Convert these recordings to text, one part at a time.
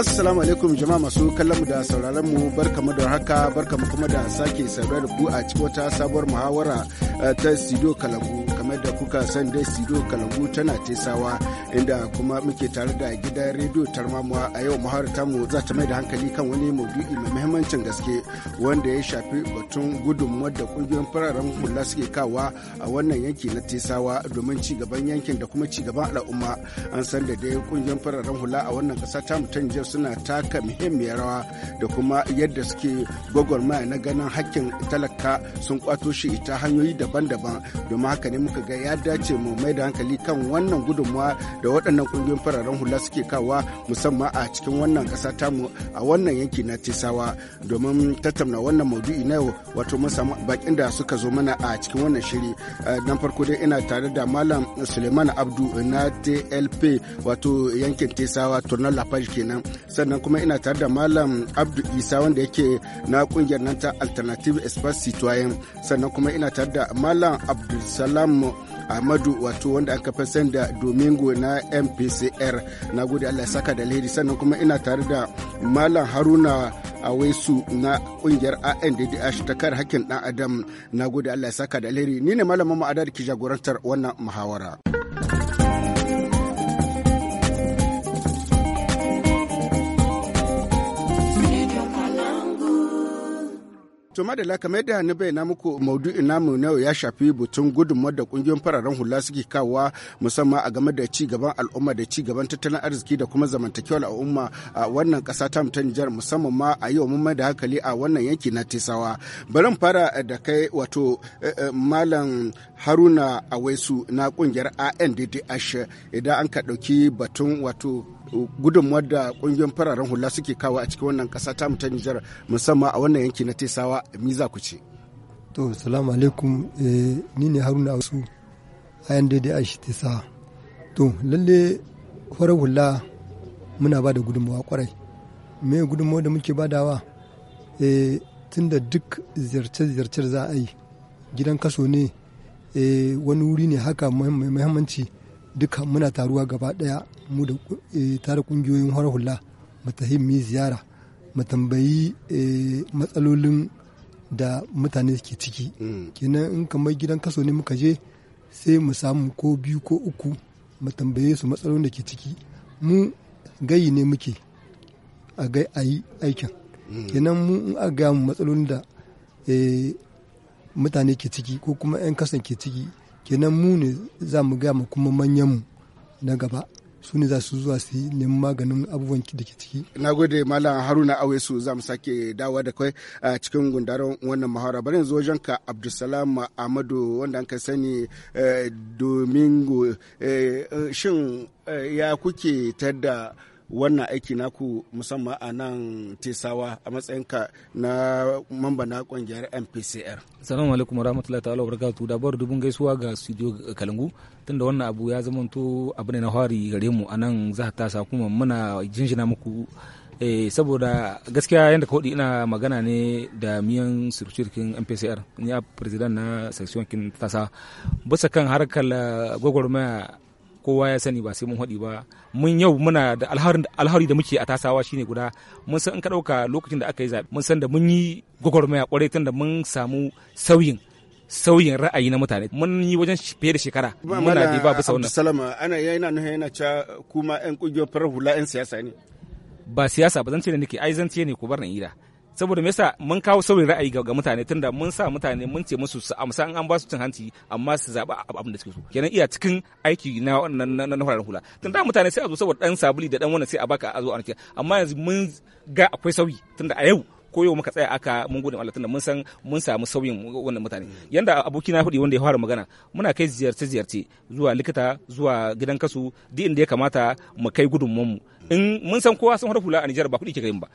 Assalamu alaikum jama'a masu kallon mu da sauraron mu barkamu da haka barkamu kuma da sake saurare ku a cikin wata sabuwar muhawara eh, ta studio Kalangu. kamar da kuka san dai studio kalangu tana tesawa inda kuma muke tare da gidan rediyo tarmamuwa a yau ta mu za ta mai da hankali kan wani maudu'i mai muhimmancin gaske wanda ya shafi batun gudunmawar da kungiyoyin fararen hula suke kawa a wannan yanki na tesawa domin ci gaban yankin da kuma ci gaban al'umma an san da dai kungiyoyin fararen hula a wannan kasa ta mu jiya suna taka muhimmiyar rawa da kuma yadda suke gwagwarmaya na ganin hakkin talaka sun kwato shi ta hanyoyi daban-daban domin haka ne muka ga ya dace mu mai da hankali kan wannan gudunmawa da waɗannan ƙungiyoyin fararen hula suke kawa musamman a cikin wannan ƙasa tamu a wannan yanki na tisawa domin tattauna wannan maudu'i na yau wato mun samu bakin da suka zo mana a cikin wannan shiri eh, nan farko dai ina tare da malam suleiman abdu na tlp wato yankin tesawa turnar lafaji kenan sannan kuma ina tare da malam abdu isa wanda yake na kungiyar nan ta alternative espace citoyen sannan kuma ina tare da malam abdulsalam ahmadu wato wanda aka fi sanda domingo na mpcr na gode allah saka da alheri sannan kuma ina tare da malam haruna awaisu na kungiyar ANDDH ta kare hakkin dan adam na gode allah saka da alheri ni ne malamin ma'ada da ki jagorantar wannan muhawara. To madala kamar yadda na bayyana muku maudu'in namu na ya shafi butun gudunmawar da kungiyoyin fararen hula suke kawowa musamman a game da ci gaban al'umma da ci gaban tattalin arziki da kuma zamantakewar al'umma a wannan kasa ta mutan Nijar musamman ma a yau mun da hankali a wannan yanki na Tesawa. barin fara da kai wato eh, eh, Malam Haruna Awaisu na kungiyar ANDDH idan an ka ɗauki batun wato gudunmuwar da kungiyoyin fararen hula suke kawo a cikin wannan kasa ta ta Nijar musamman a wannan yanki na Tesawa miza ku ce. To salamu alaikum eh, ni ne Haruna Ausu a yan daidai shi Tesawa. To lalle farar hula muna ba da gudunmuwa kwarai. Me gudunmuwa da muke badawa? E, eh, tun da duk ziyarce-ziyarce za a yi gidan kaso ne eh, wani wuri ne haka mai muhimmanci duka muna taruwa gaba daya mu da eh, tare kungiyoyin har hula mu ziyara mu tambayi eh, matsalolin da mutane ke ciki mm. kenan in kamar gidan kaso ne muka je sai mu samu ko biyu ko uku mu tambaye su matsalolin da ke ciki mu gayi ne muke a gai a yi aikin mm. kenan mu in a gaya mu matsalolin da eh, mutane ke ciki ko kuma 'yan kasan ke ciki kenan mu ne za mu gaya mu kuma manyan mu na gaba su ne za su zuwa su yi neman maganin abubuwan da ke ciki. Na gode Malam Haruna Awesu za mu sake dawa da kai a cikin gundaron wannan mahara. Bari yanzu wajen ka Abdulsalam Ahmadu wanda an ka sani eh, Domingo eh, eh, shin ya kuke tada wannan aiki naku musamman a nan tesawa a matsayinka na mamba na kungiyar mpcr salamu alaikum warahmatullahi ta'ala wabarakatuh da bar dubun gaisuwa ga studio kalangu tunda wannan abu ya zamanto abu ne na hari gare mu a nan za ta sa kuma muna jinjina muku eh, saboda gaskiya yadda ka hudu ina magana ne da miyan surcirkin mpcr ni a president na section kin tasa bisa kan harkar eh, gwagwarmaya kowa ya sani ba sai mun haɗi ba mun yau muna da alhari da muke a tasawa shine guda mun san in ka ɗauka lokacin da aka yi zaɓe mun san da mun yi gwagwarmaya kwarai tun da mun samu sauyin sauyin ra'ayi na mutane mun yi wajen fiye da shekara muna da ba bisa wannan salama ana yana yana cha kuma yan kungiyar farar hula siyasa ne ba siyasa ba zan ce ne nake ai zan ce ne ku bar na ira saboda yasa mun kawo sauyin ra'ayi ga mutane tunda mun sa mutane mun ce musu su amsa an ba su cin hanci amma su zaɓa abin da suke so kenan iya cikin aiki na wannan na fararen hula tunda mutane sai a zo saboda dan sabuli da dan wannan sai a baka a zo a amma yanzu mun ga akwai sauyi tunda a yau ko yau muka tsaya aka mun gode Allah tunda mun san mun samu sauyin wannan mutane yanda aboki na hudi wanda ya fara magana muna kai ziyarce ziyarce zuwa likita zuwa gidan kasu duk inda ya kamata mu kai gudunmuwan mu in mun san kowa sun hula a Nijar ba kudi ke kai ba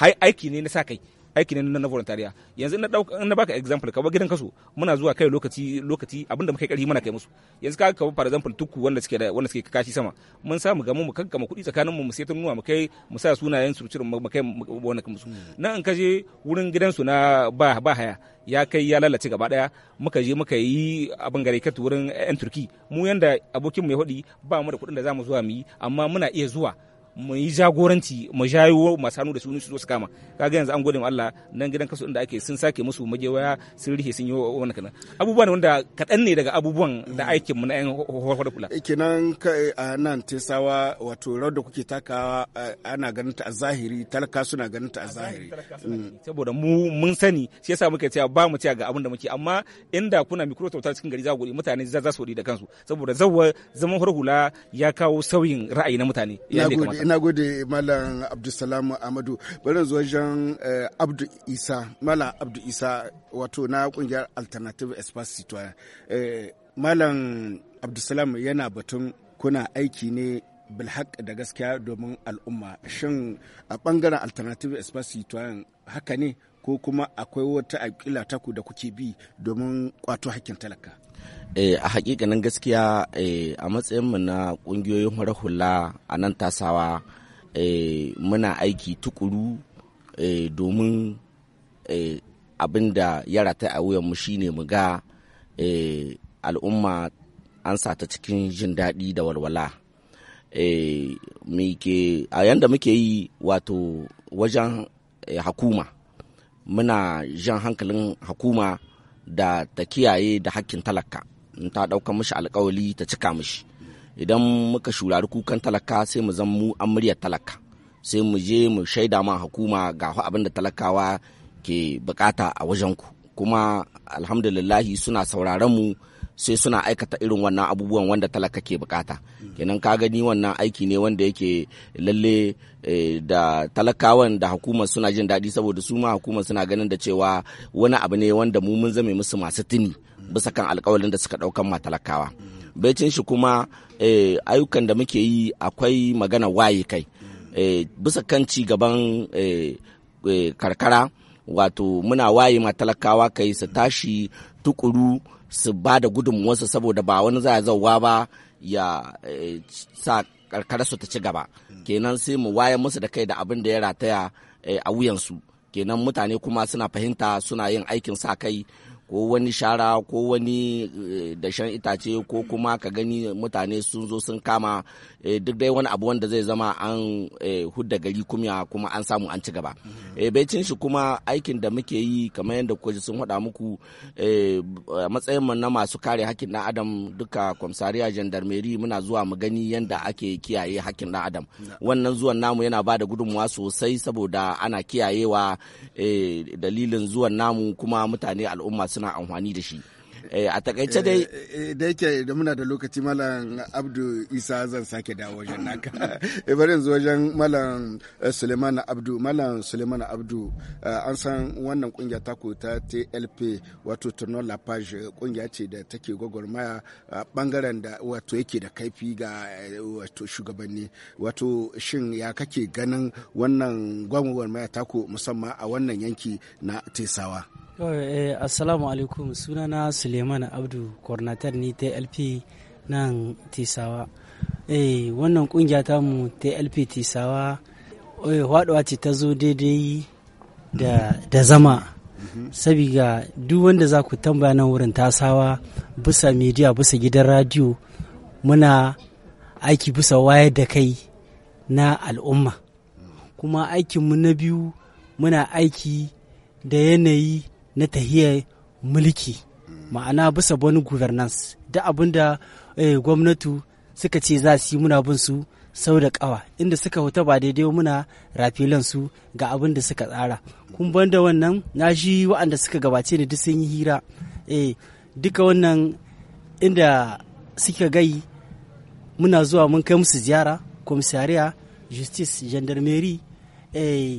hai aiki ne na sa kai aiki ne na voluntariya yanzu na dauka na baka example ka ba gidan kaso muna zuwa kai lokaci lokaci abinda muka karhi muna kai musu yanzu ka ka for example tukku wanda suke da wanda suke kashi sama mun samu gamu mu kankama kuɗi tsakanin mu mu sai nuwa mu kai mu sa sunayen su cirin mu kai wanda musu hmm. nan in ka je wurin gidansu na ba ba haya ya kai ya lalace gaba daya muka je muka yi abin gare ka wurin yan turki mu yanda abokin mu ya hudi ba mu da kuɗin da zamu zuwa mu yi amma muna iya zuwa mu yi jagoranci mu jayo masu hannu da su su su kama kaga yanzu an gode ma Allah nan gidan kasu inda ake sun sake musu magewaya sun rihe sun yi wani kana abubuwan wanda kaɗan ne daga abubuwan da mm. aikin mu na yan horar kula eh, kenan eh, a nan tesawa wato rawar da kuke takawa eh, ana ganin ta a zahiri talaka suna ganin ta a zahiri mm. saboda mu mun sani shi yasa muke cewa ba mu cewa ga abin da muke amma inda kuna mikro tautar cikin gari za ku mutane za su da kansu saboda zawa zaman hula ya kawo sauyin ra'ayi na mutane ya ne kamata ina gode malam abdulsalam amadu bari zuwa jan eh, abdu isa malam abdu isa wato na kungiyar alternative espace eh, malam abdulsalam yana batun kuna aiki ne bilhaq da gaskiya domin al'umma shin a bangaren alternative espace haka ne ko kuma akwai wata akila taku da kuke bi domin kwato hakkin talaka Eh, a hakikanin gaskiya eh, a matsayin matsayinmu na kungiyoyin hula hula a nan tasawa eh, muna aiki tukuru domin abinda da ya rata a wuyanmu shine mu ga al'umma an sata cikin jin daɗi da walwala a yanda muke yi wato wajen hakuma muna jan hankalin hakuma da ta kiyaye da hakkin talaka in ta ɗauka mishi alkawali ta cika mishi idan muka shurari kukan talaka sai mu zan mu an muryar talaka sai mu je mu shaida ma hukuma ga abin da talakawa ke bukata a wajen ku kuma alhamdulillahi suna sauraron mu sai suna aikata irin wannan abubuwan wanda talaka ke bukata kenan ka gani wannan aiki ne wanda yake lalle eh, da talakawan da hukumar suna jin daɗi saboda su ma hukumar suna ganin da cewa wani abu ne wanda mu mun zame musu masu tuni bisa kan alkawalin da suka ɗaukan matalakawa baicin shi kuma eh, ayyukan da muke yi akwai magana waye kai eh, bisa kan ci gaban eh, karkara wato muna waye matalakawa kai su tashi tukuru su ba da gudunmuwansu saboda ba wani za a zauwa ba ya sa karkara su ta ci gaba kenan sai mu waye musu da kai da abin da ya rataya a wuyansu kenan mutane kuma suna fahimta suna yin aikin sa kai ko wani shara ko wani eh, dashen itace ko kuma ka gani mutane sun zo sun kama eh, duk dai wani abu wanda zai zama an eh, hudda gari kumya kuma an samu an ci gaba mm-hmm. baicin shi kuma aikin da muke yi kamar yadda kuka sun hada muku matsayin na masu kare hakkin dan adam duka kwamsariya jandarmeri muna zuwa mu gani yadda ake kiyaye hakkin dan adam wannan zuwan namu yana ba da gudunmuwa sosai saboda ana kiyayewa dalilin zuwan namu kuma mutane al'umma suna suna amfani da shi eh, a takaice dai eh, eh, da yake da muna da lokaci malam abdu isa zan sake da wajen naka bari yanzu wajen malam suleiman abdu malam suleiman abdu an san wannan kungiya ta ta tlp wato turno la page kungiya ce da take gwagwarmaya bangaren da wato yake da kaifi ga wato shugabanni wato shin ya kake ganin wannan gwagwarmaya taku musamman a wannan yanki na tesawa Eh, assalamu alaikum sunana suleiman abdu coordinator ni tlp nan tisawa eh wannan kungiya ta mu tlp tisawa eh, waɗuwa ce ta zo daidai da zama sabiga duk wanda za ku tambaya nan wurin tasawa bisa media bisa gidan radio muna aiki bisa wayar da kai na al'umma kuma aikinmu na biyu muna aiki da yanayi na tahiyar mulki ma'ana bisa wani governance da abin da eh, gwamnati suka ce za su yi muna bin su sau da kawa inda suka huta ba daidai muna rafilan su ga abin da suka tsara kun da wannan na shi waɗanda suka gabace ni duk sun yi hira eh, duka wannan inda suka gai muna zuwa mun kai musu ziyara komisariya justice gendarmerie eh,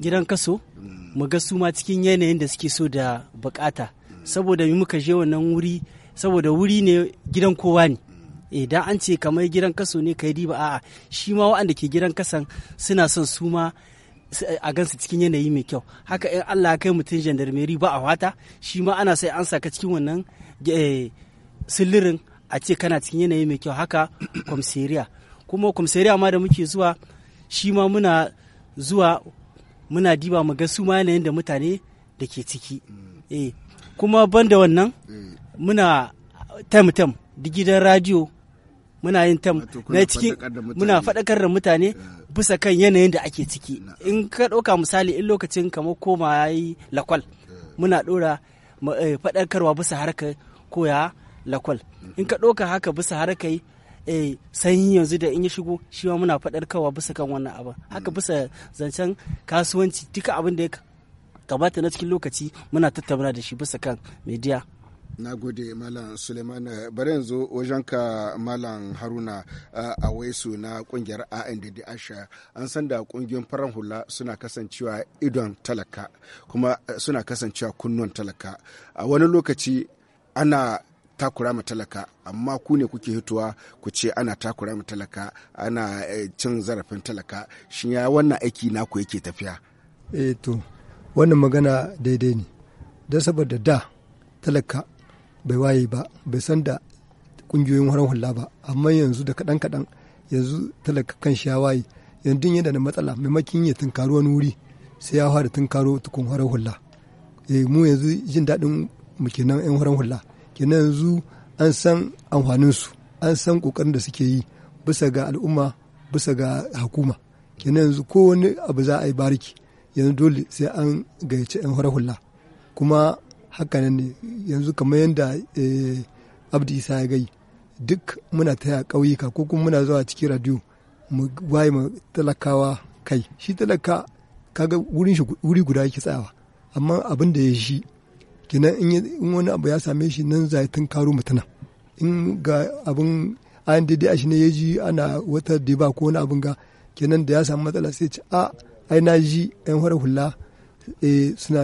gidan kaso mu ga su ma cikin yanayin da suke so da bukata saboda muka je wannan wuri saboda wuri ne gidan kowa ne idan eh, an ce kamar gidan kaso ne kai riba a'a shi ma waɗanda ke gidan kasan suna son su ma a gansu cikin yanayi mai kyau haka in Allah kai mutum gendarmeri ba a wata shi ma ana sai an saka cikin wannan eh, silirin a ce kana cikin yanayi mai kyau haka kwamseriya kuma kwamseriya ma da muke zuwa shi ma muna zuwa muna diba mu ga su ma yanayin da mutane da ke ciki eh kuma banda wannan muna tam tam da gidan radio muna yin tam na ciki muna faɗakar da mutane eh. bisa kan yanayin da ake ciki in ka ɗauka misali in lokacin kama koma yi lakwal eh. muna ɗora eh, faɗakarwa bisa harkar koya lakwal in ka ɗauka haka bisa harkar eh sanyi yanzu da in ya shigo shi ma muna kawa bisa kan wannan abin haka bisa zancen kasuwanci duka abin da ya kamata na cikin lokaci muna tattauna da shi bisa kan media na gode malam suleiman bari yanzu wajen ka malam haruna a waisu na kungiyar andd asha an san da kungiyoyin farar hula suna kasancewa idon talaka kuma eh, suna kasancewa kunnuwan talaka a wani lokaci ana takura ma talaka amma ku ne kuke hitowa ku ce ana takura ma talaka ana eh, cin zarafin talaka shi ya wannan aiki naku yake tafiya eh wannan magana daidai ne don saboda da talaka bai waye ba bai san da kungiyoyin waran hula ba amma yanzu da kadan-kadan yanzu talaka kan shi ya waye yanzu yana da matsala maimakin ya tunkaro wani wuri sai ya fara tunkaro tukun waran hula eh, mu yanzu jin daɗin mu kenan yan waran hula kenan yanzu an san amfaninsu an san ƙoƙarin da suke yi bisa ga al'umma bisa ga hukuma kenan yanzu kowane abu za a yi bariki yanzu dole sai an gayyaci 'yan hula kuma hakan ne yanzu kamar yadda eh, abdi isa ya gai duk muna taya ƙauyuka ko kuma muna zuwa cikin radiyo mu waye mu talakawa kai shi talaka kaga wurin wuri guda yake tsayawa amma abin da ya shi kenan in wani abu ya same shi nan za tun karo mutuna in ga abin an daidai shi ne ya ji ana wata diba ko wani abin ga kenan da ya samu matsala sai ce a ai na ji yan hura hula eh, suna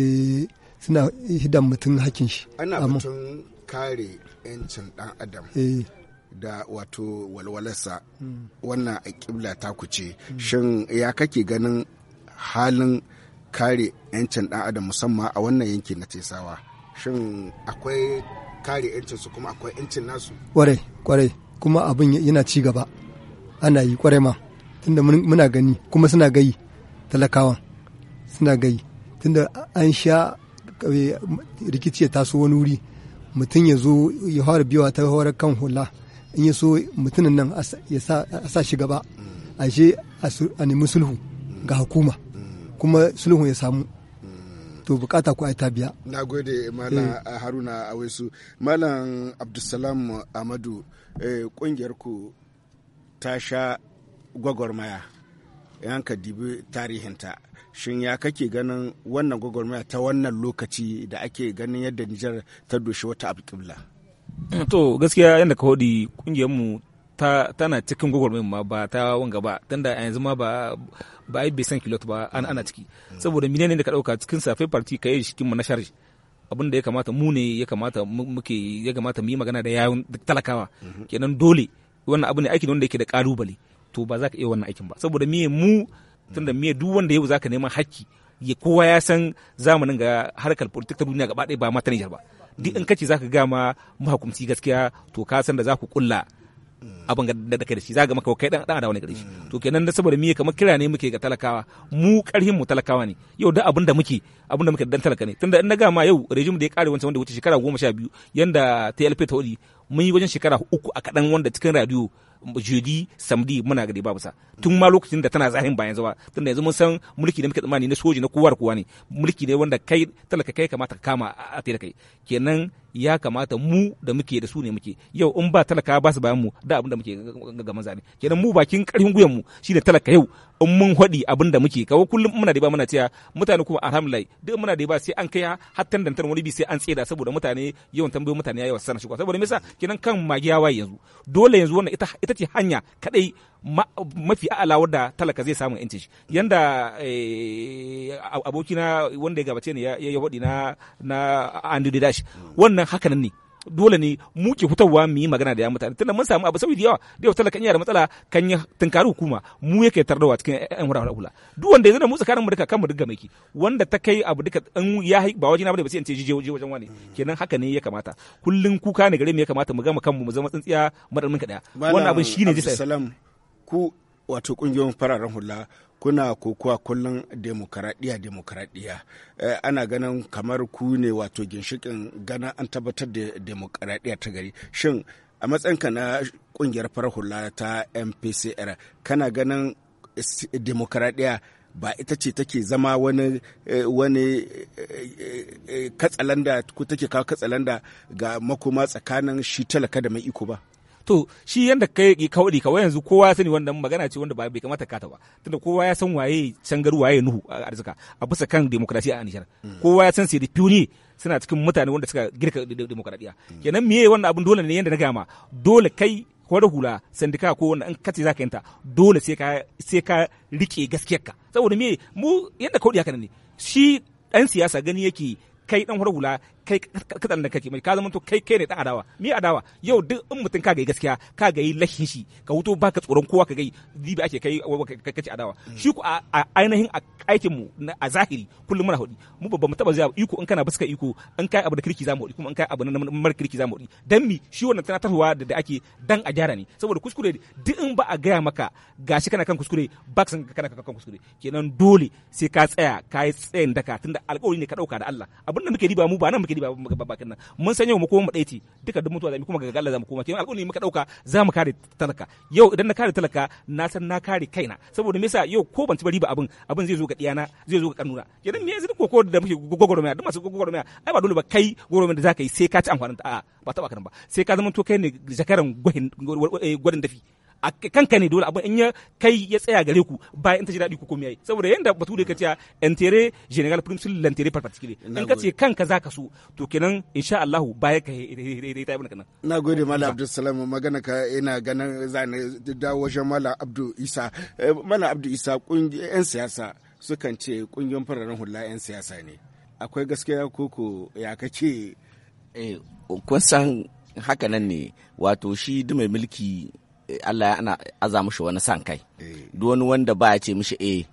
eh, suna hidan mutum hakin shi ana mutum kare yancin dan adam eh. da wato walwalarsa hmm. wannan a kibla ta kuce shin ya kake ganin halin kare 'yancin ɗan adam musamman a wannan yanki na tesawa shin akwai kare 'yancin su kuma akwai 'yancin nasu kwarai kwarai kuma abin yana ci gaba ana yi kwarai ma tunda muna gani kuma suna gayi talakawan suna gayi tunda an sha eh, rikici ya taso wani wuri mutum ya zo ya fara biyawa ta hawar kan hula in ya so mutumin nan a sa shi gaba je mm. a nemi sulhu ga hukuma kuma sulhun ya samu to bukata ku ta biya na gode malam eh. haruna wasu malam abdulsalam amadu eh, kungiyar ku ta sha gwagwarmaya ka dibi tarihinta shin ya kake ganin wannan gwagwarmaya ta wannan lokaci da ake ganin yadda nijar ta doshi wata alƙibla eh, to gaskiya yadda ka hodi kungiyarmu tana cikin gwagwarmayar ma ba ta wanga ba tunda yanzu ma ba ba ai bai san kilot ba an ana ciki saboda menene da ka dauka cikin safe party ka yi shikin mu na charge abin da ya kamata mu ne ya kamata muke ya kamata mu yi magana da yawun talakawa kenan dole wannan abu ne aikin wanda yake da kalubale to ba za ka iya wannan aikin ba saboda me mu tunda me duk wanda yau zaka neman hakki ya kowa ya san zamanin ga harkar politik ta duniya gaba ɗaya ba ma ta ba duk in kace zaka ga ma mahukumci gaskiya to ka san da za ku kulla abin da kai da shi zaga maka kai dan dan da wani gare shi to kenan da saboda miye kamar kira ne muke ga talakawa mu karhin mu talakawa ne yau da abin da muke abin da muke dan talaka ne tunda in na ga ma yau rejim da ya kare wancan wanda wuce shekara 12 yanda TLP ta wuri mun yi wajen shekara uku a kaɗan wanda cikin radio jeudi samdi muna gari babu sa tun ma lokacin da tana zahirin bayan zawa tun da yanzu mun san mulki da muke tsammani na soji na kowar kowa ne mulki ne wanda kai talaka kai kamata ka kama a da kai kenan ya kamata mu da muke da su ne muke yau in ba talaka ba su bayan mu da abin da muke ga maza ne kenan mu bakin karfin guyan mu shine talaka yau in mun haɗi abin da muke kawo kullum muna da ba muna cewa mutane kuma alhamdulillah duk muna da ba sai an kai hattan dantar wani bi sai an tseda saboda mutane yawan tambayo mutane yayi wasan shi saboda me yasa kenan kan magiya waye yanzu dole yanzu wannan ita ita ce hanya kadai mafi a'ala wadda talaka zai samu yancin shi yanda eh, abokina wanda ya gabace ne ya ya na na Andrew Dash wannan nan ne dole ne mu ke fitowa mu yi magana da ya mutane tunda mun samu abu saboda yawa da yawa kan iya da matsala kan yi tunkari hukuma mu yake tardawa cikin yan wurare hula duk wanda ya da mu tsakanin mu duka kan mu duka maiki wanda ta kai abu duka in ya ba wajen ba sai in ce jije wajen wani kenan haka ne ya kamata kullun kuka ne gare mu ya kamata mu gama kanmu mu zama tsintsiya madalmin ka daya wannan abin shine jisa ku wato kungiyoyin fararen hula kuna kokowa kullum demokaradiyya demokaradiyya eh, ana ganin kamar ku ne wato ginshikin gana an tabbatar da demokaradiyya ta gari shin a ka na kungiyar farar hula ta mpcr kana ganin demokaradiyya ba ita ce take zama wani eh, wani eh, katsalanda ko take kawo katsalanda ga makoma tsakanin shi talaka da mai iko ba to shi yanda kai kawai kawai yanzu kowa ya sani wanda magana ce wanda bai kamata ta ba tunda kowa ya san waye cangar waye nuhu a arzika a bisa kan demokrasiya a Nijar hmm. kowa ya san sai da suna cikin mutane wanda suka girka demokradiya hmm. kenan yayi wannan abun dole ne yanda na gama dole kai da hula sandika ko wanda in kace zaka yanta dole sai ka sai ka rike ka saboda me mu yanda kawai haka ne shi dan siyasa gani yake kai dan hula kai kadan da kake mai ka zama to kai kai ne dan adawa mi adawa yau duk in mutum ka gai gaskiya ka gai lahin shi ka wuto baka tsoron kowa ka gai dibi ake kai kace adawa mm. shi ku a ainihin a aikin mu a zahiri kullum muna hudi mu babban mu taba zuwa iko in kana baska iko in kai abu da kirki zamu hudi kuma in kai abu na mar kirki zamu hudi dan mi shi wannan tana tarwa da ake dan a gyara ne saboda kuskure duk in ba a gaya maka gashi kana kan kuskure ba kana kan kuskure kenan dole sai ka tsaya ka yi tsayin daka tunda alƙawari ne ka dauka da Allah abinda muke riba mu ba nan muke alheri ba ba bakin nan mun san yau mu koma mu daiti duka duk mutuwa zamu kuma ga Allah zamu koma kenan alƙawari muka dauka zamu kare talaka yau idan na kare talaka na san na kare kaina saboda me yasa yau ko ban ci bari ba abin abin zai zo ga diyana zai zo ga kanuna idan me yanzu koko da muke gogoromiya duk masu gogoromiya ai ba dole ba kai gogoromaya da zaka yi sai ka ci amfanin ta a'a ba taba kan ba sai ka zama to kai ne zakaran gwadin dafi a kanka ne dole abin in ya kai ya tsaya gare ku bayan ta ji daɗi ku komai saboda yanda batu da ka ce intere general principal lantere par particulier in ka ce kanka ka so to kenan insha Allah baya ka ta ibn kana na gode mala abdu Salam magana ka ina ganin zane da wajen mallam abdu Isa eh, mala abdu Isa yan siyasa sukan ce kungiyar fararen hula 'yan siyasa ne akwai gaskiya koko ya ka ce. Eh, kun san hakanan ne wato shi dume mulki Allah ya ana aza mushi wani san kai eh. duk wani wanda ba ya ce mishi eh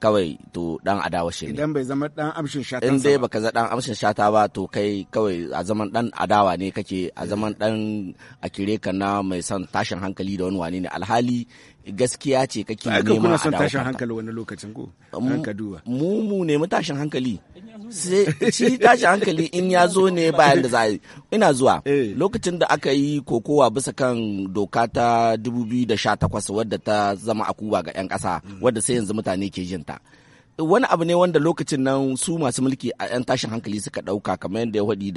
kawai to dan adawa shi ne idan bai zama dan amshin shata in dai baka za dan amshin shata ba to kai kawai a zaman dan adawa ne kake a eh. zaman dan a ka na mai son tashin hankali da wani wane ne alhali gaskiya ce kake nema a dawo kuna son tashin hankali wani lokacin ko ka duba mu mu nemi tashin hankali sai shi tashin hankali in ya zo ne bayan da za ina zuwa eh. lokacin da aka yi kokowa bisa kan doka ta 2018 wadda ta zama akuba ga yan kasa mm. wadda sai yanzu mutane ke jinta wani abu ne wanda lokacin nan su masu mulki a yan tashin hankali suka ɗauka kamar yadda ya hudi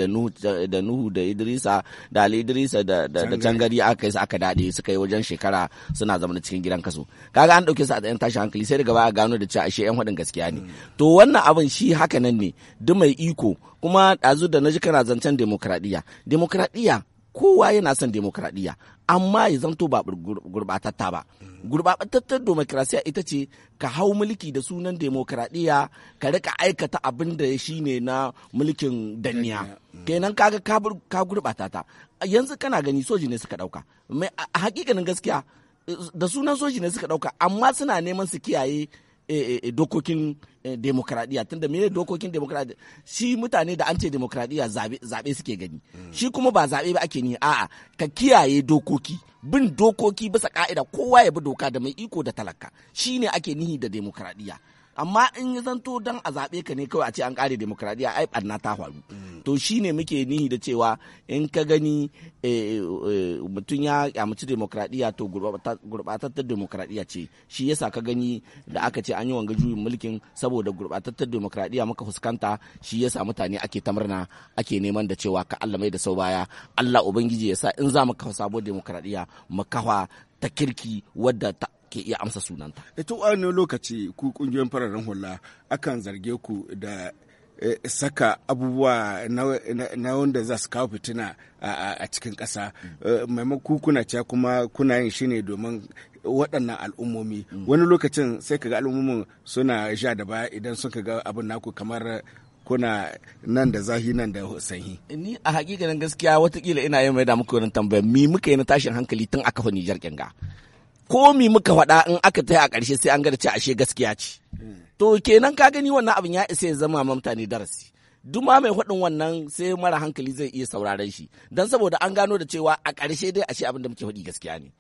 da nuhu da idrisa da ali idrisa da cangari aka yi su aka daɗe suka yi wajen shekara suna zama cikin gidan kaso kaga an ɗauke su a yan tashin hankali sai daga baya gano da cewa ashe yan hudin gaskiya ne hmm. to wannan abin shi haka nan ne duk mai iko kuma ɗazu da na ji kana zancen demokradiyya demokradiyya kowa yana son demokradiyya amma ya zanto ba gurbatatta ba gurbatattar demokrasiya ita ce ka hau mulki da sunan demokradiyya ka rika aikata abin da shi ne na mulkin danniya kenan kaga ka gurbata yanzu kana gani soji ne suka dauka mai hakikanin gaskiya da sunan soji ne suka dauka amma suna neman su kiyaye Eh, eh, eh, dokokin tun tunda mene dokokin demokradiya shi mutane da an ce demokradiya zaɓe suke gani shi kuma ba zaɓe ba ake ni a'a ka kiyaye dokoki bin dokoki bisa ka'ida kowa ya bi doka da mai iko da talaka shi ne ake nihi da demokradiya amma in ya zanto dan a zaɓe ka ne kawai a ce an ƙare demokradiyya ai ɓarna ta faru to shine muke nihi da cewa in ka gani eh, eh, mutum ya kyamaci demokradiyya to gurɓatattar demokradiyya ce shi yasa ka gani da aka ce an yi wanga juyin mulkin saboda gurɓatattar demokradiyya muka fuskanta shi yasa mutane ake ta murna ake neman da cewa ka Allah mai da sau baya Allah ubangiji ya sa in za mu kafa sabuwar demokradiyya mu kafa ta kirki wadda ta ke iya amsa sunanta. Ita wani lokaci ku kungiyoyin fararen hula akan zarge ku da eh, saka abubuwa na wanda za su kawo fitina a cikin ƙasa eh, maimakon kuna cewa kuma kuna yin shi ne domin waɗannan al'ummomi mm. wani lokacin sai kaga al'ummomin suna sha da baya idan suka ga abin naku kamar kuna nan da zahi nan da sanyi. Ni a hakikanin gaskiya watakila ina yin mai da muku wani tambaya mi muka yi na tashin hankali tun aka fa Nijar kyanga. komi muka faɗa in aka ta a ƙarshe sai an gada ce ashe gaskiya ce to kenan ka gani wannan abin ya isa ya zama ma mutane darasi duma mai faɗin wannan sai mara hankali zai iya sauraron shi don saboda an gano da cewa a ƙarshe dai ashe abin da muke faɗi gaskiya ne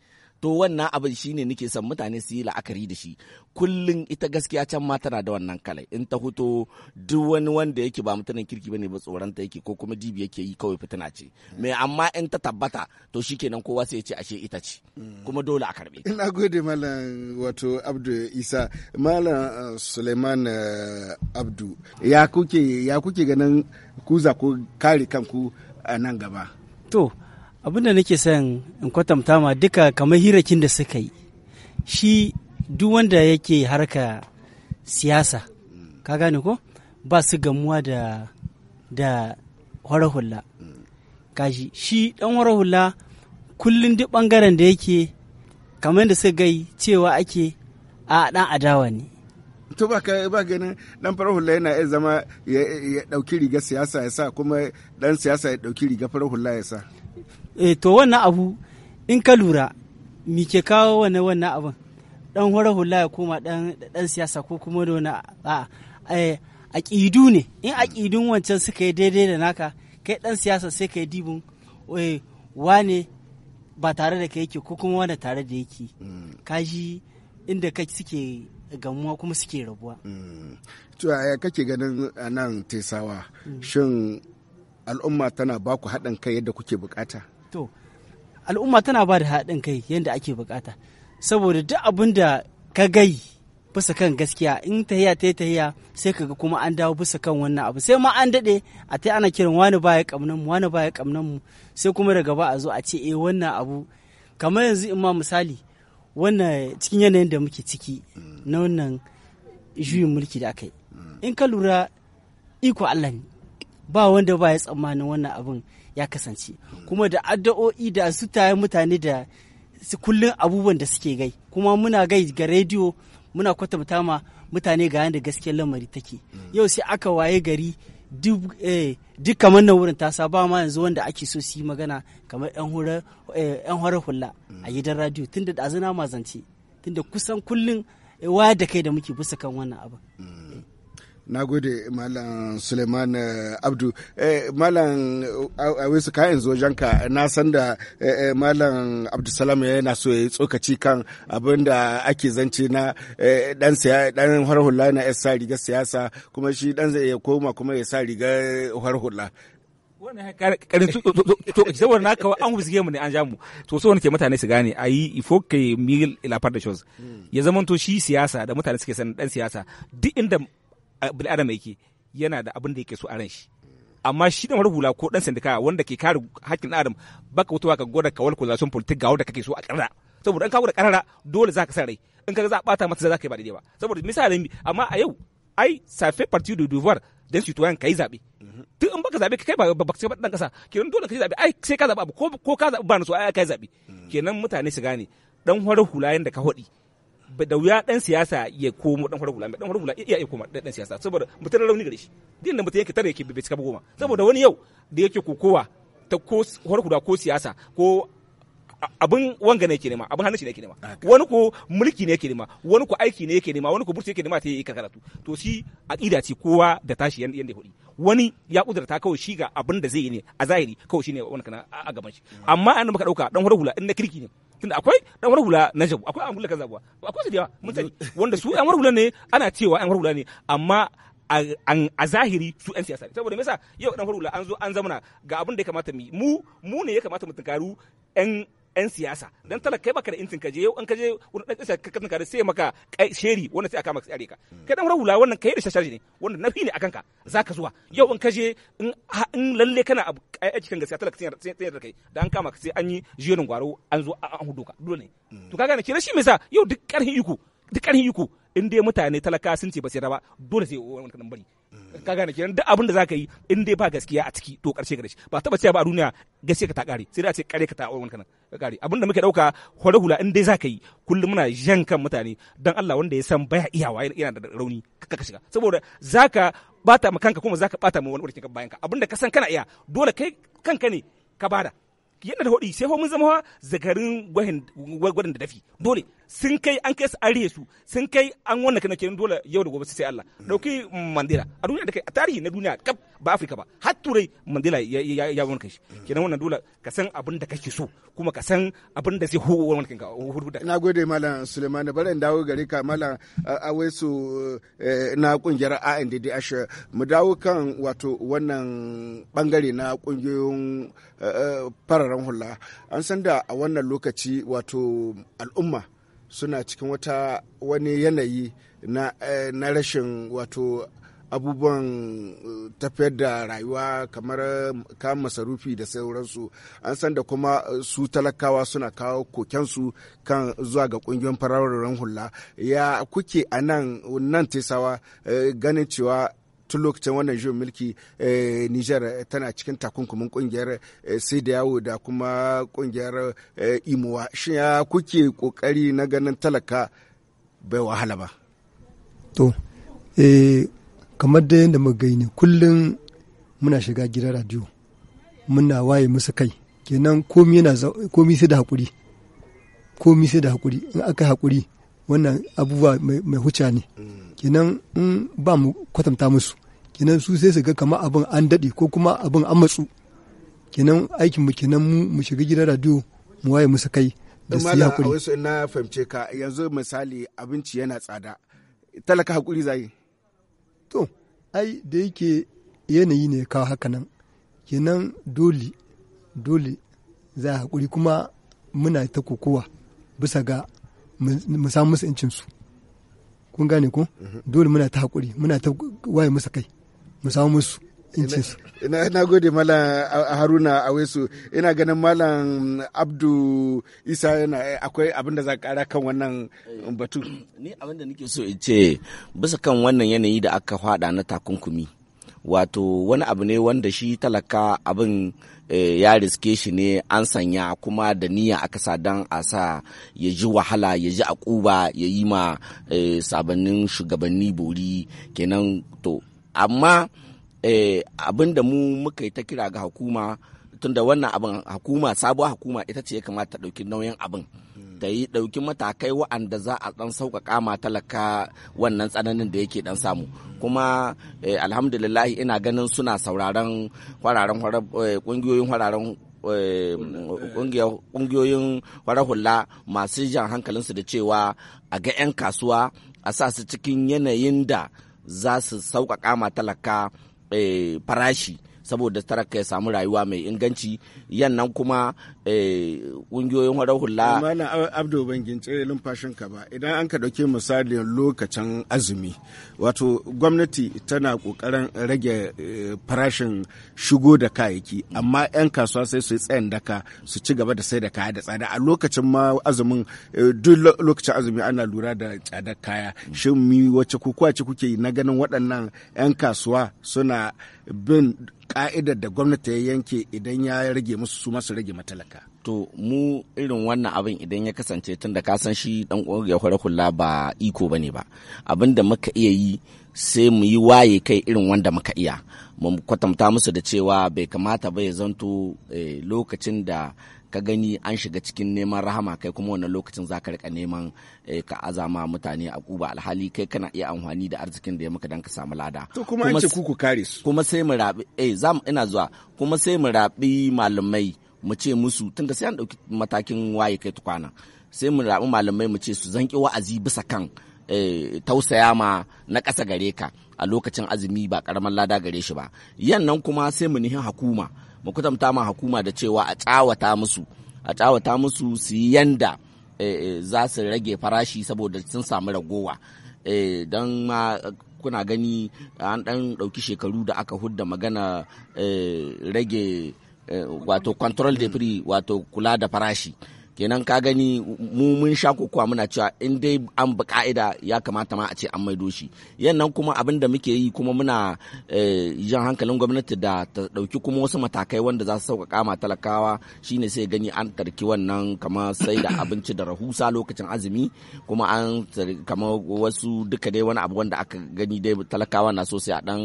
to wannan abin shi ne nake son mutane su yi la'akari da shi kullum ita gaskiya can ma tana da wannan kalai in ta huto duk wani wanda yake ba mutanen kirki bane ba tsoronta yake ko kuma dibi yake yi kawai fitina ce me amma in ta tabbata to shikenan kowa sai ya ce ashe ita ce kuma dole a karbe ina gode malam wato abdu isa malam uh, suleiman uh, abdu ya kuke ya kuke ganin ku za ku kare kanku a nan gaba to abinda nake son in kwatanta ma duka kamar hirakin da suka yi shi duk wanda yake harka siyasa ka gane ko ba su gamuwa da da kaji shi dan hore hula kullum duk bangaren da yake kamar da suka gai cewa ake a dan adawa ne to ba ka ba ganin dan farar yana iya zama ya dauki rigar siyasa ya sa kuma dan siyasa ya dauki rigar farar ya sa e, to wannan abu in ka lura mi ke kawo wannan wannan abin dan hore hula ya koma dan siyasa ko kuma da wani a aƙidu ne in aƙidun wancan suka yi daidai da naka kai dan siyasa sai ka yi dibin eh, wane ba tare da ka yake ko kuma wane tare da yake mm. kaji inda ka suke gamuwa kuma suke rabuwa mm. to ya kake ganin anan nan tesawa mm. shin al'umma tana baku haɗin kai yadda kuke bukata to al'umma tana ba da haɗin kai yadda ake bukata saboda duk abin da ka gai bisa kan gaskiya in tahiya ta yi tahiya sai ka ga kuma an dawo bisa kan wannan abu sai ma an daɗe a ta ana kiran wani ba ya kamnan mu wani ba ya kamnan mu sai kuma daga ba a zo a ce eh wannan abu kamar yanzu in ma misali wannan cikin yanayin da muke ciki na wannan juyin mulki da aka yi in ka lura iko Allah ne ba wanda ba ya tsammanin wannan abin ya kasance kuma da addu'o'i da su tayi mutane da kullum abubuwan da suke gai kuma muna gai ga rediyo muna kwatanta ma mutane ga yadda gaskiyar lamari take yau sai aka waye gari duk eh, kamar na wurin tasa ba ma yanzu wanda ake so su yi magana kamar yan horar eh, hula a gidan radiyo tunda da azana mazance tunda kusan kullum eh, waya da kai da muke bisa kan wannan abin na gode malam suleiman eh, abdu eh, malam eh, a wasu kayan ka na san da eh, malam abdulsalam yana so ya tsokaci kan abin da ake zance na dan harhula na ya sa rigar siyasa kuma shi dan zai iya koma kuma ya sa rigar harhula wannan karin tsokaci saboda na kawo an husge mu ne an to so mutane su gane ayi ifo ke mil ya zamanto shi siyasa da mutane suke sanin dan siyasa duk inda bil adam yake yana da abin da yake so a ran shi amma shi da hula ko dan sandika wanda ke kare hakkin adam baka wutuwa ka gwada walko zasun politik ga wanda kake so a karara saboda in ka da karara dole za ka sa rai in ka za a bata mata za ka yi ba daidai ba saboda misalin amma a yau ai safe parti du devoir dan citoyen kai zabe duk in baka zabe kai ba baka ba dan kasa kenan dole ka zabe ai sai ka zabe ko ko ka zabe ba na so ai kai zabe kenan mutane su gane dan hula yanda ka hodi da wuya dan siyasa ya komo dan farar hula dan farar iya iya ya koma dan siyasa saboda mutum rauni gare shi din da mutum yake tare yake bai cika goma saboda wani yau da yake kokowa ta ko farar hula ko siyasa ko abin wanga ne yake nema abin hannun shi ne yake nema wani ko mulki ne yake nema wani ko aiki ne yake nema wani ko burci yake nema ta yi karatu to shi aqida ce kowa da tashi yanda yanda hudi wani ya kudurta kawai shi ga abin da zai yi ne a zahiri kawai shi ne wani kana a gaban shi amma an muka dauka dan hula in na kirki ne tunda akwai dan war hula na jabu akwai an hula kaza buwa akwai su da yawa mun sani wanda su yan war hula ne ana cewa yan war hula ne amma a zahiri su 'yan siyasa ne saboda me yasa yau dan war hula an zo an zamana ga abin da ya kamata mu mu ne ya kamata mu tunkaru 'yan 'yan siyasa dan talaka kai baka da intin kaje yau an kaje wurin dan kasa ka kanka da sai maka kai sheri wanda sai aka maka tsare ka hmm. kai dan rawula wannan kai da shashaje ne wanda nafi ne akan ka zaka zuwa yau in kaje in lalle kana abu aiki kan gaskiya talaka sai da kai dan kama ka sai an yi jerin gwaro an zo an hudu ka dole ne hmm. to kaga ne kenan shi me sa yau duk karhin iko duk karhin iko in dai mutane talaka sun ce ba sai raba dole sai wani kadan bari ka gane kenan duk abin da zaka yi in dai ba gaskiya a ciki to karshe gare shi ba taba cewa ba a duniya gaskiya ka ta kare sai da ce kare ka ta auren kana ka kare abin da muke dauka hore hula in dai zaka yi kullum muna jan kan mutane dan Allah wanda ya san baya iyawa yana da rauni ka ka shiga saboda zaka bata ma kanka kuma zaka bata ma wani wurin bayan ka abin da ka san kana iya dole kai kanka ne ka bada yadda da hodi sai fa mun zama zagarin gwahin gwadin da dafi dole sun kai an kai su an riye su sun kai an wannan kana kenan dole yau da gobe sai Allah mm. dauki Mandela a duniya da kai a tarihi na duniya kaf ba Afrika ba har turai Mandela ya wani kai mm. kenan wannan dole ka san abin da kake so kuma ka san abin da zai hu wannan kanka hudu na gode malam Suleiman bari in dawo gare ka malam Awaisu eh, na kungiyar ANDD Asha mu dawo kan wato wannan bangare na kungiyoyin eh, eh, fararen hula an san da a wannan lokaci wato al'umma suna cikin wata wani yanayi na, eh, na rashin wato abubuwan eh, tafiyar da rayuwa kamar eh, kayan masarufi da sauransu an san da kuma su talakawa suna kawo kokensu kan zuwa ga kungiyoyin fararen hula ya kuke a nan nan tesawa ganin cewa tun lokacin wannan juyin mulki eh, Niger tana cikin takunkumin kungiyar eh, sai da yawo da kuma kungiyar eh, imowa shi ya kuke kokari na ganin talaka bai wahala ba to eh kamar da yadda muka gani kullum muna shiga gidan radio muna waye musu kai kenan komi yana komi sai da hakuri komi sai da hakuri in aka hakuri wannan abubuwa mai huca ne mm. kenan in ba mu kwatanta musu kenan su sai su ga kamar abin an daɗe ko kuma abin an matsu kenan aikinmu mu kenan mu shiga gidan radio mu waye musu kai da su hakuri wasu na fahimce ka yanzu misali abinci yana tsada talaka hakuri zai to ai da yake yanayi ne kawo haka nan kenan dole dole za a hakuri kuma muna ta kokowa bisa ga mu samu musu incinsu su kun gane ko mhm. dole muna ta hakuri muna ta waye musu kai mu samu musu incinsu. na gode malam haruna awesu ina ganin malam abdu isa yana akwai abin da za kara kan wannan batu ni abin da nake so in ce bisa kan wannan yanayi da aka fada na takunkumi wato wani abu ne wanda shi talaka abin eh, ya riske shi ne an sanya kuma da niyya aka sa don a sa ya ji wahala ya ji a ya yi ma eh, sabannin shugabanni bori kenan to amma eh, abin da mu muka yi ta kira ga hukuma tunda wannan abin hukuma sabuwar hukuma ita ce ya kamata ta ɗauki nauyin abin ta yi ɗauki matakai wa'anda za a ɗan sauƙaƙa ma talaka wannan tsananin da yake ɗan samu kuma eh, alhamdulillah ina ganin suna sauraron kwararen eh, ƙungiyoyin kwararen kungiyoyin hula masu jan hankalinsu da cewa a ga 'yan kasuwa a sa su cikin yanayin da za su sauƙaƙa ma talaka eh, farashi saboda taraka ya samu rayuwa mai inganci yannan kuma kungiyoyin eh, warar hula malam ban bangin tsere ka ba idan an ka dauke misali lokacin azumi wato gwamnati tana kokarin rage eh, farashin shigo da kayayyaki amma 'yan kasuwa sai su yi tsayin daka su ci gaba da sai da kaya da tsada a lokacin ma azumin eh, duk lokacin azumi ana lura da tsadar kaya shin mi wace kukuwa ce kuke na ganin waɗannan 'yan kasuwa suna bin ka'idar da gwamnati ya yanke idan ya rage musu su masu rage matalaka. To mu irin wannan abin idan ya kasance tun da ka san shi dan ya hore kula ba iko bane ba abin da muka iya yi sai mu yi waye kai irin wanda muka iya mu kwatanta musu da cewa bai kamata ba ya zanto eh, lokacin da ka gani an shiga cikin neman rahama kai kuma wannan lokacin za ka rika neman eh, ka azama mutane a kuba alhali kai kana iya amfani da arzikin da ya maka dan ka samu lada to kuma an ce kuku su kuma sai mu rabi eh za mu ina zuwa kuma sai mu rabi malamai mu ce musu tunda sai an dauki matakin waye kai tukwana sai mu rabi malamai mu ce su zanki wa'azi bisa kan eh, tausaya ma na ƙasa gare ka a lokacin azumi ba ƙaramin lada gare shi ba yannan kuma sai mu nihin hakuma mu kwatanta ma hukuma da cewa a tsawata musu a tsawata musu su yi yanda eh, eh, za su rage farashi saboda sun samu ragowa eh, don ma kuna gani an ɗan ɗauki shekaru da aka hudda magana rage wato control de prix wato kula da farashi kenan ka gani mu mun sha kokowa muna cewa in dai an bi ka'ida ya kamata ma a ce an maido shi yannan kuma abin da muke yi kuma muna eh, jan hankalin gwamnati da ta dauki kuma wasu matakai wanda za su sauƙaƙa ma talakawa shine sai gani an tarki wannan kama sai da abinci da rahusa lokacin azumi kuma an kama wasu duka dai wani abu wanda aka gani dai talakawa na so sai a dan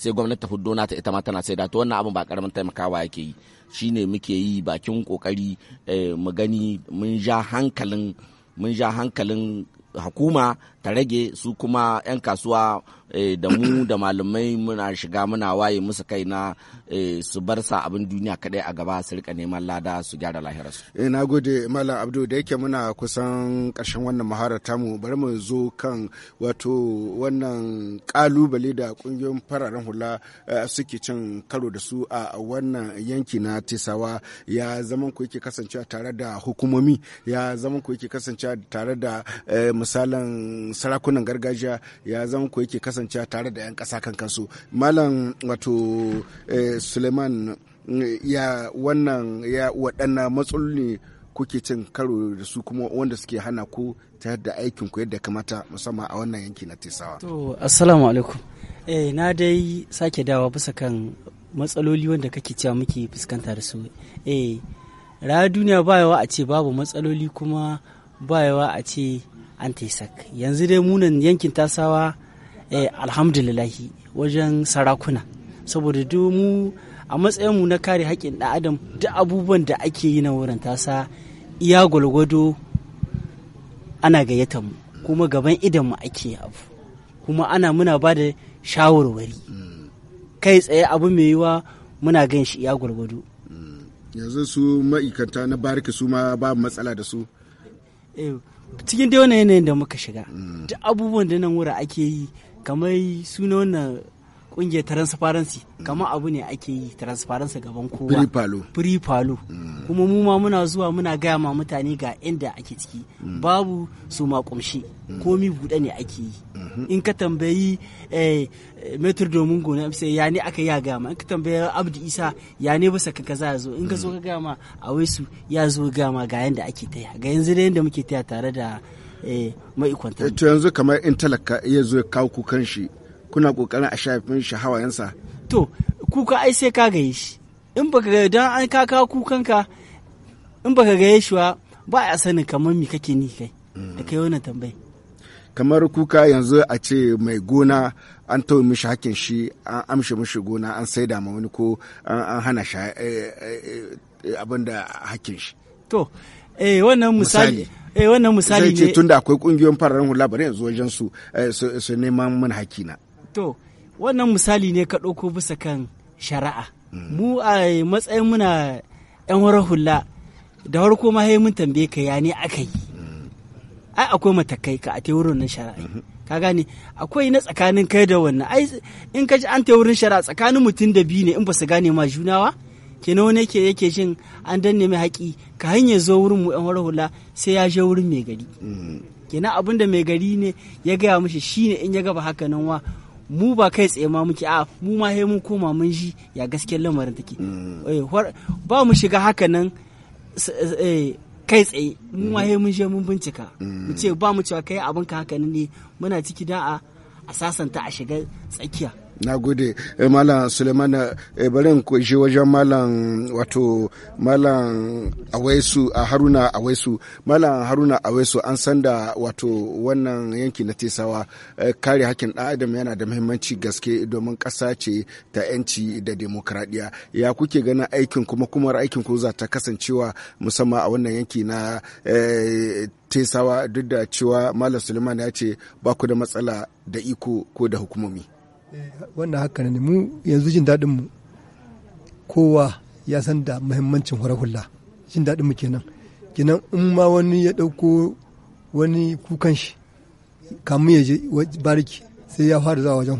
sai gwamnati ta huddo na ta ita ma tana sai da to wannan abin ba karamin taimakawa yake yi shine muke yi bakin kokari eh, mu gani mun ja hankalin mun hankalin hukuma ta rage su kuma 'yan kasuwa eh, da mu da malamai muna shiga muna waye musu kai na eh, su bar sa abin duniya kadai a gaba su rika neman lada su gyara lahirarsu. Eh, na gode Malam Abdu da yake muna kusan karshen wannan muharar tamu bari mu zo kan wato wannan kalubale da kungiyoyin fararen hula suke cin karo da su a wannan yanki na Tisawa ya zaman ku yake kasancewa tare da hukumomi ya zaman ku yake kasancewa tare da misalan sarakunan gargajiya ya zama ko yake kasancewa tare da 'yan ƙasa kan kansu malam wato eh, suleiman ya wannan ya waɗanna matsaloli kuke cin karo da su kuma wanda suke hana ku ta yadda aikin ku yadda kamata musamman a wannan yanki na tesawa to assalamu alaikum eh na dai sake dawa bisa kan matsaloli wanda kake cewa muke fuskanta da su eh ra duniya ba yawa a ce babu matsaloli kuma ba yawa a ce an taisak yanzu dai munan yankin tasawa eh, alhamdulillahi wajen sarakuna saboda duk mu a matsayinmu na kare haƙƙin ɗan adam duk abubuwan da ake yi na wurin tasa iya gwalgwado ana gayyata mu kuma gaban idan mu ake abu kuma ana muna ba da shawarwari mm. kai tsaye abu mai yiwa muna gan shi iya gwalgwado mm. yanzu su ma'aikata na barika su ma ba matsala da su eh, cikin da yanayin da muka shiga mm. duk abubuwan da nan wura ake yi kamar suna wannan kungiyar transparency kama abu ne ake yi transparency gaban kowa free palo hmm. kuma mu ma muna zuwa muna gaya ma mutane ga inda ake ciki hmm. babu su ma kumshi hmm. komi buɗe ne ake yi in ka tambayi eh, metro domin gona sai ya ne aka ya gaya ma in ka tambayi abdu isa ya ne ba saka kaza ya zo in ka zo ka gaya ma a wai su ya zo gaya ma ga yanda ake taya ga yanzu da yanda muke taya tare da eh, ma'aikatan eh, to yanzu kamar in talaka ya zo ya kawo kukan shi kuna kokarin a shafin shahawayensa to kuka ai sai ka gaye shi in baka gaye don an ka kawo kukanka in baka gaye shi ba ba a sani kamar mi kake ni kai da kai wani tambayi kamar kuka yanzu a ce mai gona an tauye mishi hakin shi an amshe mishi gona an saida ma wani ko an hana shi eh, eh, eh, abin da hakin shi to eh wannan misali eh wannan misali ne zai ce tunda akwai kungiyoyin fararen hula bari yanzu wajen su su neman mun hakina to wannan misali ne ka ɗauko bisa kan shari'a mu a matsayin muna 'yan horar hula da farko ma mun tambaye ka ya ne aka yi ai akwai matakai ka a te wurin nan shari'a mhm. ka gane akwai na tsakanin kai da wannan ai in ka ji an te wurin shari'a tsakanin mutum da biyu ne in ba su gane ma junawa kenan wani yake yake jin an danne mai haƙi ka hanyar zo wurin mu yan hula sai ya je wurin mai gari mhm. kenan abun da mai gari ne ya gaya mishi shine in ya gaba haka nan wa mu ba kai tsaye ma muke a mu ma he mun koma mun ji ya gaskiyar lamarin take mm. eh, ba mu shiga haka nan eh, kai tsaye mu ma he mun je mun bincika mu ce mm. ba mu cewa kai abin ka haka ne muna ciki da a sasanta a shiga tsakiya na gode eh, malam suleiman eh, bari in je wajen malam wato malam awaisu a haruna awaisu malam haruna awaisu an san da wato wannan yanki na tesawa eh, kare hakkin ɗan adam yana da muhimmanci gaske domin ƙasa ce ta yanci da demokradiya ya kuke ganin aikin kuma kuma aikin ku za ta kasancewa musamman a wannan yanki na tesawa duk da cewa malam suleiman ya ce ba ku da matsala da iko ko da hukumomi Eh, wannan haka ne mu yanzu jin daɗin mu kowa ya san da muhimmancin hula jin daɗin mu kenan kenan in ma wani ya ɗauko wani kukan shi kamun ya je bariki sai ya fara zuwa wajen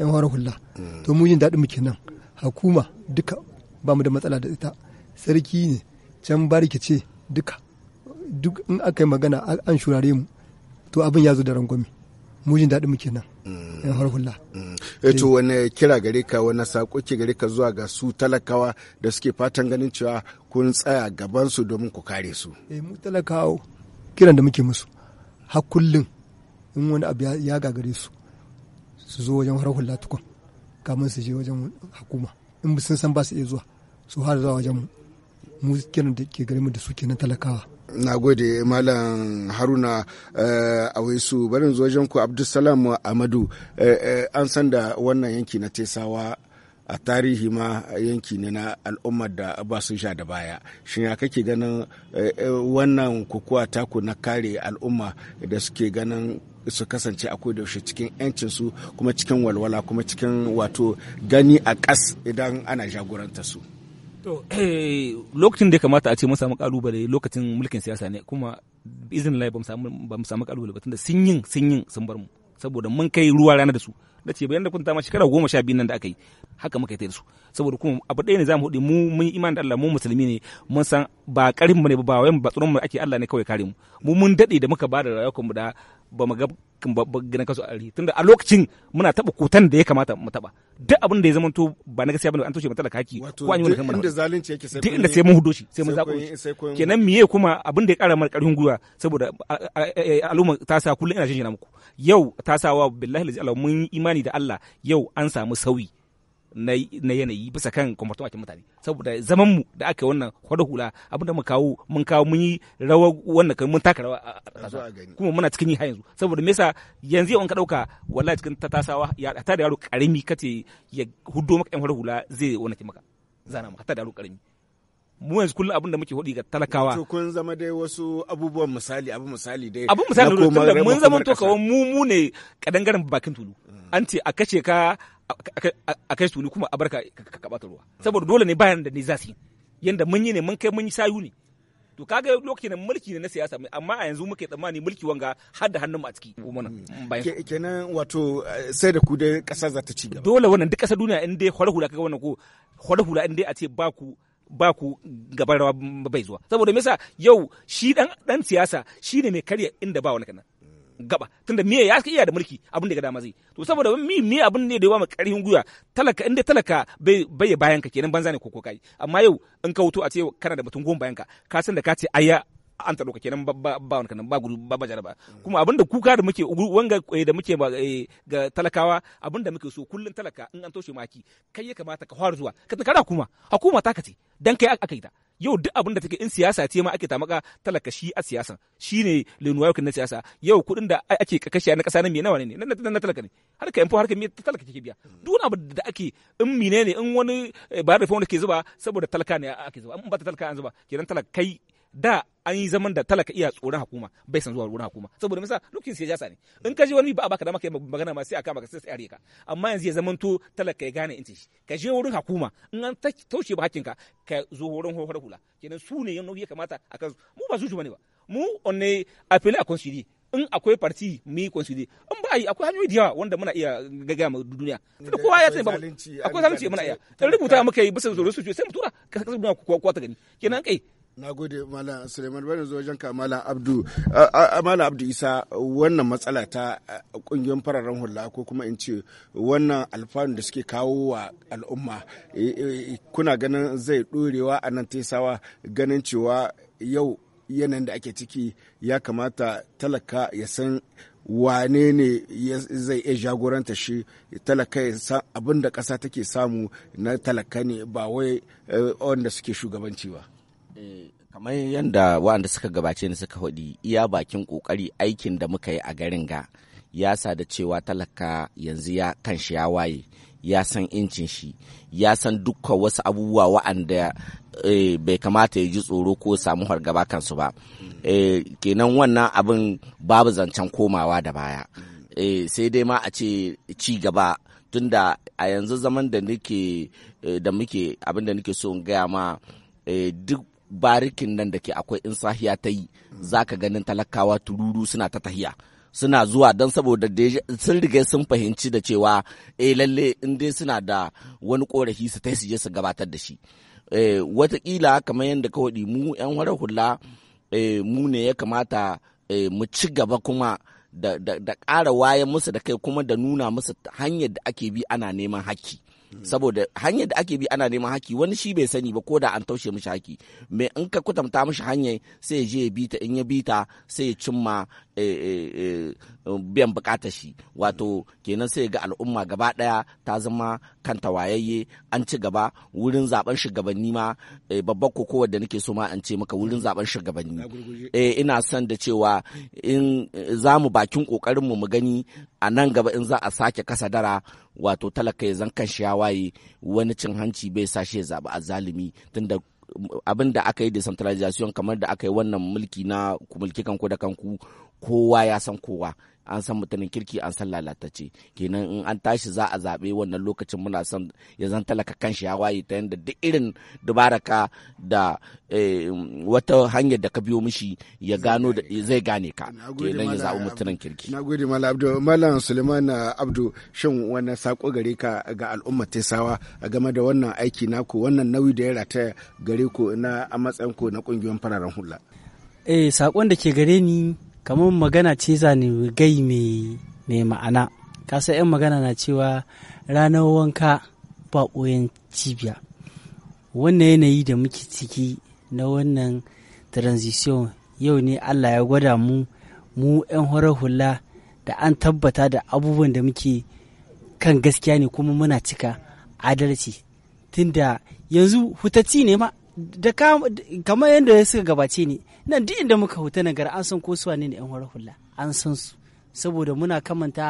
yan horar hula to mu jin daɗin mu kenan hakuma duka ba mu da matsala da ita sarki ne can bariki ce duka duk in aka yi magana an shurare mu to abin ya zo da rangwame mu jin daɗin mu kenan yan har hula mm. eh, to eh. wani kira gare ka wani sako ke gare ka zuwa ga su talakawa da suke fatan ganin cewa kun tsaya gaban su domin ku kare su eh mu talakawa kiran da muke musu har kullum in wani abu ya gagare su su zo wajen har tukun kamun su je wajen hukuma in sun san ba su iya zuwa su har zuwa wajen mu mu da ke da suke na talakawa na gode malam haruna eh, a waisu barin wajen ku abdulsalam amadu eh, eh, an san da wannan yanki na tesawa a tarihi ma yanki ne na al'ummar da ba su sha da baya shin ya kake ganin wannan kukuwa taku na kare al'umma da suke ganin su kasance a yaushe cikin yancin su kuma cikin walwala kuma cikin wato gani a ƙas idan ana jagoranta su lokacin da ya kamata a ce mun samu kalubale lokacin mulkin siyasa ne kuma izin lai ba mu samu kalubale ba tunda sun yin sun yin sun bar mu saboda mun kai ruwa rana da su da ce bayan da kun tama shekara goma sha biyu nan da aka yi haka muka yi da su saboda kuma abu ɗaya ne za mu hudu mu mun iman da Allah mu musulmi ne mun san ba karin mu ne ba wai ba tsoron mu ake Allah ne kawai kare mu mu mun dade da muka ba da rayuwar mu da ba mu ga gina kasu ari tunda a lokacin muna taba kutan da ya kamata mu taba duk abin da ya zamanto ba na gaskiya bane an toshe mata da kaki ko an yi wani inda zalunci yake sai duk inda sai mun hudo shi sai mun zako shi kenan miye kuma abin da ya kara mar karfin gwiwa saboda al'umma ta sa kullun ina jin muku yau ta sawa billahi lazi Allah mun imani da Allah yau an samu sauyi na yanayi bisa kan kwamfatomakin mutane saboda zaman mu da aka yi wannan hula hula abinda mu kawo mun kawo mun yi rawa wannan kai mun taka rawa kuma muna cikin yi har yanzu saboda me yasa yanzu yau in ka dauka wallahi cikin tatasawa ya ta da yaro karimi kace ya huddo maka yan hula hula zai wannan maka zana maka ta da yaro karimi. mu yanzu kullum abin da muke hudi ga talakawa to kun zama dai wasu abubuwan misali abu misali dai abu misali mun zama to kawai mu mu ne kadangaren bakin tulu mm. an ce a kace ka a kai su ni kuma a barka ka bata ruwa saboda dole ne bayan da ni za su yi yanda mun yi ne mun kai mun yi sayu ne to kaga lokacin mulki ne na siyasa amma a yanzu muke tsammani mulki wanga har da hannun a ciki umana kenan wato eh, sai da ku dai kasa za ta ci gaba dole wannan duk kasar duniya in dai hore hula kaga wannan ko hore hula in dai a ce ba ku ba ku gaban rawa bai zuwa saboda me yasa yau shi dan dan siyasa shine mai karya inda ba wani kana gaba tunda miye ya iya da mulki abin da ga dama zai to saboda mi mi abin ne da yawa mu karfin guya talaka inda talaka bai bai bayan ka kenan banza ne ko kokai amma yau in ka wuto a ce kana da mutum goma bayan ka ka san da ka ce ayya an ta ɗauka kenan ba wani kanan ba guru ba ba jaraba kuma da kuka da muke wanga eh, da muke eh, ga talakawa abin da muke so kullun talaka in an toshe maki kai ya kamata ka fara zuwa ka kana kuma hukuma ta kace dan kai aka yi ta yau duk abin da take in siyasa ce ma ake tamaka talaka shi a siyasa shine lenuwa yau na siyasa yau kuɗin da ake kakashiya na ƙasa na me nawa ne na talaka ne har ka yanfu har ka me talaka kike biya duk abu da ake in mine ne in wani eh, ba da wanda ke zuba saboda talaka ne ake zuba in ba ta talaka an zuba kenan talaka kai da an yi zaman da talaka iya tsoron hukuma bai san zuwa wurin hukuma saboda misa lokacin siyasa ne in ka je wani ba a baka dama kai magana ma sai a kama ka sai tsare ka amma yanzu ya zaman to talaka ya gane inci ka je wurin hukuma in an taushe ba hakkinka ka zo wurin hohar hula kenan su ne yan nauyi kamata a kan mu ba zuwa ne ba mu onne ne appelé à concilier in akwai parti mu yi konsili in ba yi akwai hanyoyi da yawa wanda muna iya gaga ma duniya tunda kowa ya sani ba akwai zalunci muna iya in rubuta muka yi bisa zuwa su sai mu tura ka kasa duniya kowa ta gani kenan kai na gode malam suleiman bari zo wajen ka malam abdu mala abdu isa wannan matsala ta kungiyoyin fararen hula ko kuma in ce wannan alfanu da suke kawo wa al'umma e, e, kuna ganin zai dorewa a nan taisawa ganin cewa yau yanayin da ake ciki ya kamata talaka ya san wane ne zai iya jagoranta shi talaka ya san abin da ƙasa take samu na talaka ne ba wai e, wanda suke shugabanci ba Eh, kamar yadda waɗanda suka gabace ni suka faɗi iya bakin ƙoƙari aikin da muka yi a garin ga ya sa da cewa talaka yanzu ya kan shi ya waye ya san incin shi ya san dukkan wasu abubuwa wa'anda eh, bai kamata ya ji tsoro ko samu hargaba kansu ba eh, kenan wannan abin babu zancen komawa da baya sai dai ma a ce ci gaba tunda a yanzu zaman da nake muke abin da nake so in gaya ma duk barikin nan da ke akwai in sahiya ta yi za ka ganin talakawa tururu suna ta tahiya suna zuwa don saboda sun riga sun fahimci da cewa e lalle in dai suna da wani korafi su ta su su gabatar da shi eh, watakila kamar yadda ka waɗi mu 'yan hular hula eh, mu ne ya kamata mu ci gaba kuma da ƙara wayan musu da kai kuma da nuna musu hanyar da ake bi ana neman hakki saboda hanyar da ake bi ana neman haki wani shi bai sani ba ko da an taushe mishi haki me in ka kwatanta mishi hanyar sai je ya bita in ya bita sai ya cimma eh, eh, eh, biyan bukatar shi wato kenan sai ga al'umma gaba daya ta zama kanta wayayye an ci gaba wurin zaben shugabanni ma eh, babbar koko da nake so ma an ce maka wurin zaben shugabanni eh, ina son da cewa in za mu bakin kokarin mu mu gani a nan gaba in za a sake kasa dara wato talaka ya zan kan waye wani cin hanci bai sashe zaɓi a zalimi tunda abin da aka yi decentralization kamar da aka yi wannan mulki na mulki kanku da kanku kowa ya san kowa an san mutumin kirki an san lalatacce kenan in an tashi za a zaɓe wannan lokacin muna son ya zan talaka kan shi ya waye ta yadda duk irin dubaraka da eh, wata hanyar da ka biyo mishi ya gano da zai gane ka kenan ya zaɓi mutumin kirki. Na gode Malam Abdu, Malam Suleiman uh, Abdu shin wannan sako gare ka ga al'umma Tesawa a game da wannan aiki naku wannan nauyi da ya rata gare ku na a matsayin ku na kungiyar fararen hula. Eh saƙon da ke gare ni kamar magana ce za gai mai ma'ana kasa 'yan magana na cewa ranar wanka ba cibiya wannan yanayi da muke ciki na wannan transition yau ne allah ya gwada mu mu 'yan horar hula da an tabbata da abubuwan da muke kan gaskiya ne kuma muna cika adalci tunda yanzu hutacci ne ma da kamar yadda suka gabace ne nan duk inda muka huta nagara an san ko suwa ne yan horar hula an san su saboda muna kamanta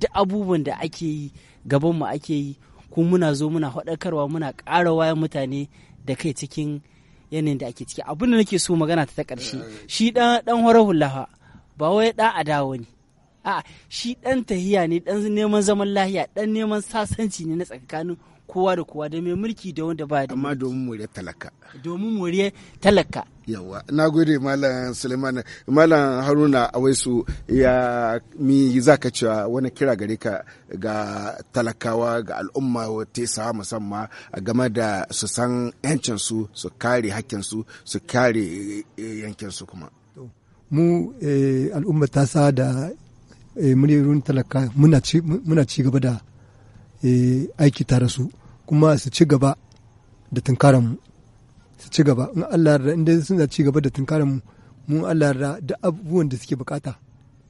duk abubuwan da ake yi gabanmu ake yi ko muna zo muna haɗakarwa muna ƙara wayan mutane da kai cikin yanayin da ake ciki abin da nake so magana ta ta ƙarshe shi dan dan hula ba wai da adawa ne a shi dan tahiya ne dan neman zaman lahiya dan neman sasanci ne na tsakanin kowa da kowa da mai mulki da wanda ba da amma domin more talaka domin more talaka yawa na gode malam suleiman malam haruna awaisu ya mi yi ka cewa wani kira gare ka ga talakawa ga al'umma wata sa musamman game da su san yancinsu su kare hakkinsu su kare eh, yankinsu kuma mu eh, al'umma ta sa da eh, muryoyin talaka muna ci gaba da Eh, aiki tare su kuma su ci gaba da tunkaran mu su ci gaba in Allah yarda inda suna ci gaba da tunkaran mu mun Allah yarda da abubuwan da suke bukata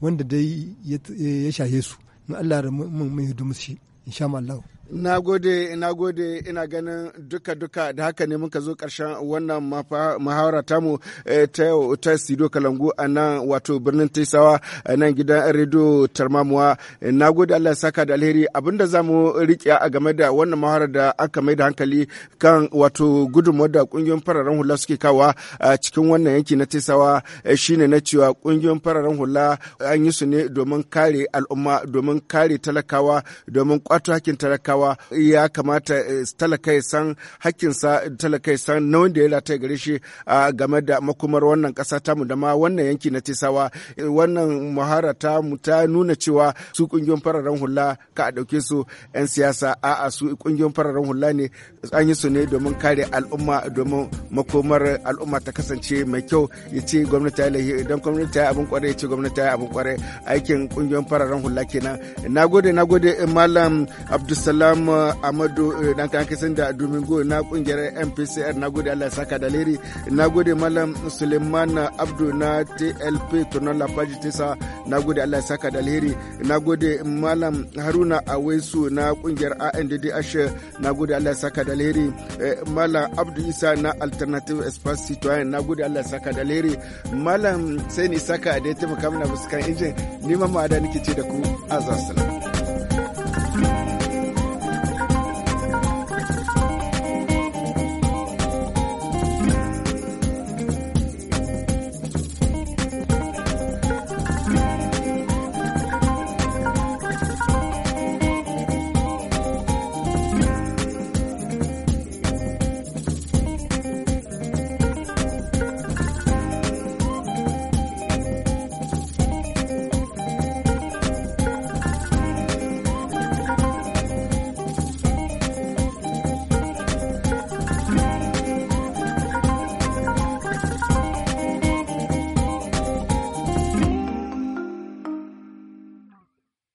wanda dai ya shahe su in Allah yarda mun hidimu shi insha Allah Na gode, na gode, ina ganin duka-duka da haka ne muka zo ƙarshen wannan muhawara tamu eh, ta yau ta Sido Kalangu a nan wato birnin Taisawa a nan gidan rediyo Tarmamuwa. Eh, na gode Allah ya saka da alheri abinda za mu riƙe a game da wannan muhawara da aka mai da hankali kan wato gudunmawar da ƙungiyoyin fararen hula suke kawa a cikin wannan yanki na Taisawa eh, shine na cewa ƙungiyoyin fararen hula an yi su ne domin kare al'umma, domin kare talakawa, domin kwato hakin talakawa. talakawa ya kamata eh, talaka ya san hakkinsa talaka ya san na wanda ya rata gare shi a game da makomar wannan kasa tamu da ma wannan yanki na tesawa eh, wannan muhara ta mu ta nuna cewa su kungiyoyin fararen hula ka a dauke su 'yan siyasa a a su kungiyoyin fararen hula ne an yi su ne domin kare al'umma domin makomar al'umma ta kasance mai kyau ya ce gwamnati ya lahi idan gwamnati ya abin kwarai ya ce gwamnati ya abin kwarai aikin kungiyoyin fararen hula kenan nagode nagode eh, malam abdulsalam malam eh, amadu eh, dan kisan da domingo na kungiyar mpcr na gode allah saka da leri na gode malam suleiman abdu na tlp tunan lafaji tisa na gode allah saka da leri na gode malam haruna awaisu na kungiyar andd ashe na gode allah saka da leri eh, malam abdu isa na alternative espace citoyen na gode allah saka da leri malam sai ni saka da ya taimaka mana fuskan injin ni ma ma'ada nake ce da ku azasala